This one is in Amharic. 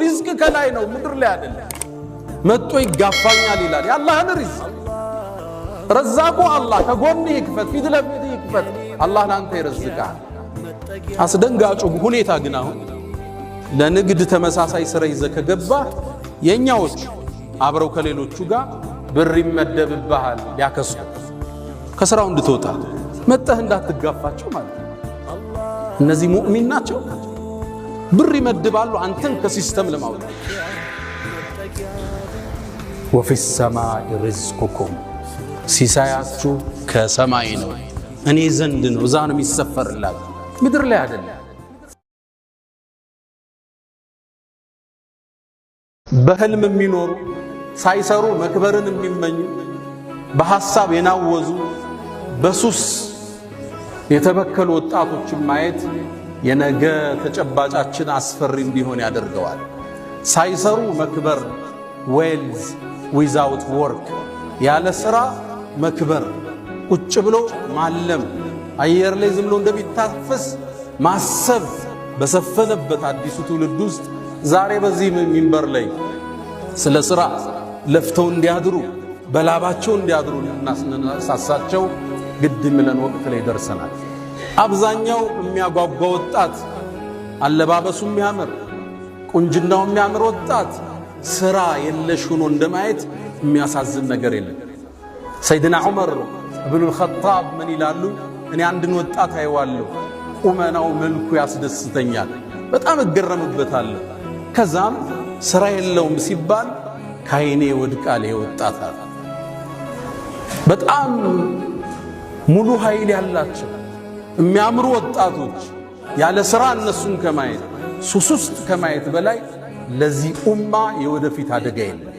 ሪዝቅ ከላይ ነው፣ ምድር ላይ አይደለም። መጥቶ ይጋፋኛል ይላል። የአላህን ሪዝቅ ረዛቁ አላህ ከጎን ይክፈት፣ ፊት ለፊት ይክፈት። አላህ ለአንተ ይረዝቃል። አስደንጋጩ ሁኔታ ግን አሁን ለንግድ ተመሳሳይ ስራ ይዘ ከገባ የኛዎች አብረው ከሌሎቹ ጋር ብር ይመደብብሃል። ሊያከሱ ከስራው እንድትወጣ መጠህ እንዳትጋፋቸው ማለት ነው። እነዚህ ሙእሚን ናቸው። ብር ይመድባሉ አንተን ከሲስተም ለማውጣት። ወፊ ሰማይ ሪዝቁኩም ሲሳያችሁ ከሰማይ ነው፣ እኔ ዘንድ ነው። እዛ ነው የሚሰፈርላት ምድር ላይ አይደለም። በህልም የሚኖሩ ሳይሰሩ መክበርን የሚመኙ በሐሳብ የናወዙ በሱስ የተበከሉ ወጣቶችን ማየት የነገ ተጨባጫችን አስፈሪ እንዲሆን ያደርገዋል። ሳይሰሩ መክበር ዌልዝ ዊዛውት ወርክ፣ ያለ ሥራ መክበር፣ ቁጭ ብሎ ማለም፣ አየር ላይ ዝም ብሎ እንደሚታፈስ ማሰብ በሰፈነበት አዲሱ ትውልድ ውስጥ ዛሬ በዚህ ሚንበር ላይ ስለ ሥራ ለፍተው እንዲያድሩ በላባቸው እንዲያድሩ እናሳሳቸው ግድ የሚለን ወቅት ላይ ደርሰናል። አብዛኛው የሚያጓጓ ወጣት፣ አለባበሱ የሚያምር ቁንጅናው የሚያምር ወጣት ስራ የለሽ ሆኖ እንደማየት የሚያሳዝን ነገር የለም። ሰይድና ዑመር እብኑል ኸጣብ ምን ይላሉ? እኔ አንድን ወጣት አይዋለሁ ቁመናው መልኩ ያስደስተኛል፣ በጣም እገረምበታለሁ። ከዛም ስራ የለውም ሲባል ካይኔ ወድቃል። ወጣት በጣም ሙሉ ኃይል ያላቸው የሚያምሩ ወጣቶች ያለ ስራ እነሱን ከማየት ሱስ ውስጥ ከማየት በላይ ለዚህ ኡማ የወደፊት አደጋ የለም።